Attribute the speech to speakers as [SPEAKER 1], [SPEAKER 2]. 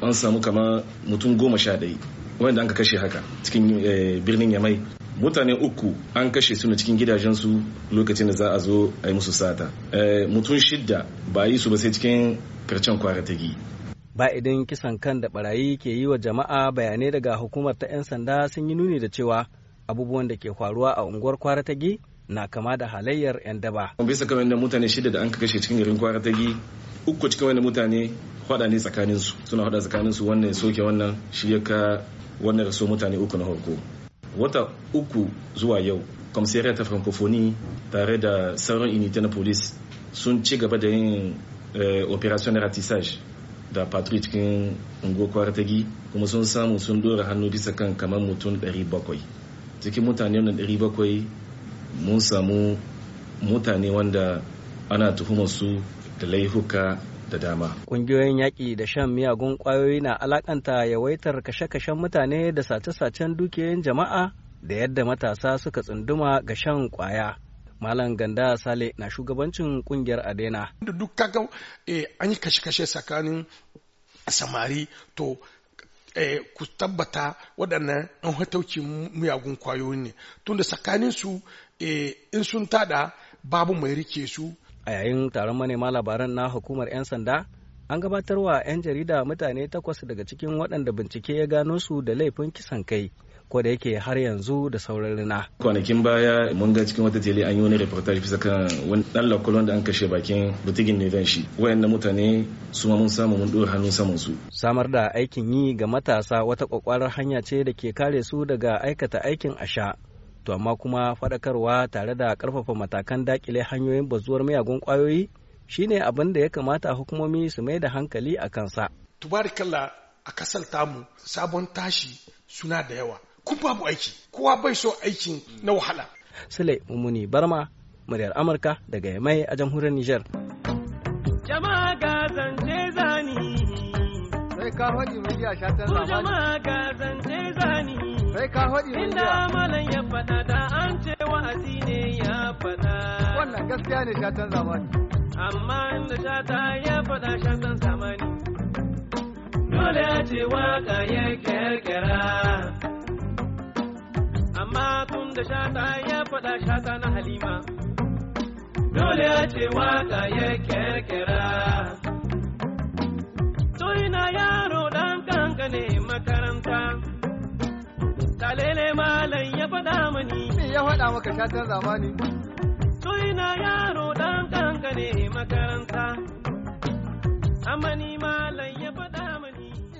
[SPEAKER 1] an samu kama mutum goma sha ɗaya wanda an ka kashe haka cikin eh, birnin yamai mutane uku an kashe su cikin gidajensu lokacin da za a zo a yi musu sata eh, mutum shidda ba yi su ba sai cikin karcen kwaratagi ba idan
[SPEAKER 2] kisan kan da barayi ke yi wa jama'a bayanai daga hukumar ta 'yan sanda sun yi nuni da cewa abubuwan da ke faruwa a unguwar kwaratagi na kama da halayyar 'yan daba.
[SPEAKER 1] bisa kamar mutane shida da an kashe cikin garin kwaratagi uku cikin wanda mutane faɗa ne tsakanin su suna faɗa tsakanin su wannan soke wannan shi ya ka wannan raso mutane uku na farko wata uku zuwa yau kwamsiyar ta francophonie tare da sauran unité na police sun ci gaba da yin eh, operation ratissage da patrick cikin ungo tagi kuma sun samu sun dora hannu bisa kan kamar mutum 700 cikin mutane wannan 700 mun samu mutane wanda ana tuhumar su da laifuka da dama.
[SPEAKER 2] Ƙungiyoyin yaƙi da shan miyagun ƙwayoyi na alakanta yawaitar kashe-kashen mutane da sace-sacen dukiyoyin jama'a da yadda matasa suka tsunduma ga shan ƙwaya. Malam Ganda Sale na shugabancin kungiyar Adena. duk kaga eh, an yi kashe-kashe tsakanin samari to eh, ku tabbata waɗannan an hatauki miyagun kwayoyi ne tunda tsakanin su tsakaninsu eh, in sun tada babu mai rike su a yayin taron manema labaran na hukumar 'yan sanda an gabatar wa 'yan jarida mutane takwas daga cikin waɗanda bincike ya gano su da laifin kisan kai ko da yake har yanzu da sauran rina.
[SPEAKER 1] kwanakin baya mun ga cikin wata jeli an yi wani reportage bisa kan wani lakulon da an kashe bakin butigin zan shi wayannan mutane su ma mun samu mun ɗora hannun saman su samar
[SPEAKER 2] da aikin yi ga matasa wata kwakwarar hanya ce da ke kare su daga aikata aikin asha to amma kuma faɗakarwa tare da ƙarfafa matakan dakile hanyoyin bazuwar miyagun ƙwayoyi shine abin da ya kamata hukumomi su mai da hankali a kansa. Tubarikalla a kasar tamu sabon tashi suna da yawa kun babu aiki kowa bai so aikin na wahala. Sule Mumuni Barma muryar Amurka daga Yamai a jamhuriyar Nijar.
[SPEAKER 3] Jama'a ka faɗi mun jiya shatan zamani. Ku jama'a zance zani. Sai ka faɗi mun jiya. Inda malam ya faɗa da an ce ne ya faɗa. Wannan gaskiya ne shatan zamani. Amma inda shata ya faɗa shatan zamani. Dole a ce waka ya Amma tun da shata ya faɗa shata na halima. Dole a ce waka ya kirkira. ya faɗa maka shatar zamani. Tuna yaro ɗan ƙanƙane makaranta, amani